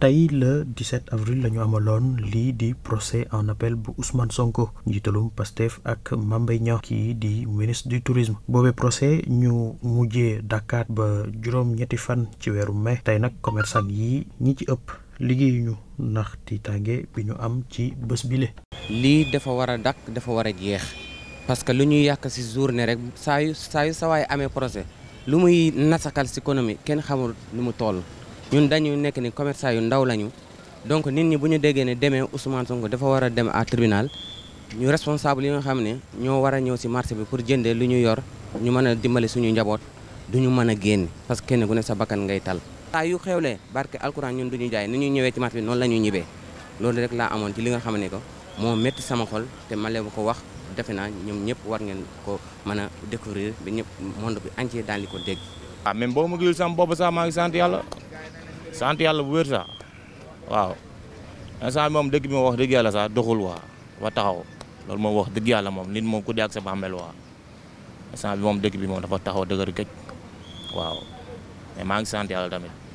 tey la 17 avril la ñu amaloon lii di procès en appel bu Ousmane Sonko njiitalum Pastef ak Mame Mbaye Niang di ministre du tourisme boobee procès ñu mujjee dàkkaat ba juróom fan ci weeru mai tey nag commerçant yi ñi ci ëpp liggéeyuñu ndax tiitaange bi ñu am ci bés bile. lii dafa war dàkk dafa war a jeex. parce que lu ñuy yàq si journée rek saa yu saa yu sa amee procès lu muy nasakal si économie kenn xamul lu mu toll ñun dañuy nekk ni commerçant yu ndaw lañu donc nit ñi bu ñu déggee ne demee Ousmane Sonko dafa war a dem à tribunal ñu responsable yi nga xam ne ñoo war a ñëw si marché bi pour jëndee lu ñu yor ñu mën a dimbali suñu njaboot du ñu mën a génn parce que kenn ku ne sa bakkan ngay tal. saa yu xewlee barke alxuraan ñun du ñu jaay ni ñuy ñëwee ci mat bi noonu la loolu laa amoon ci li nga xam ne ko. moo métti sama xol te ma leen ko wax defe naa ñoom ñëpp war ngeen ko mën a découvrir ba ñëpp monde bi ko dégg. waaw ah, même boo ma gëyul sama bopp sax maa ngi sant yàlla sant yàlla bu wér sax waaw instant moom dëgg bi ma wax dëgg yàlla sax doxul waa ba taxaw loolu moom wax dëgg yàlla moom nit moom ku dee ak waa instant bi moom dëgg bi moom dafa taxaw dëgër gëj waaw mais maa ngi sant yàlla tamit.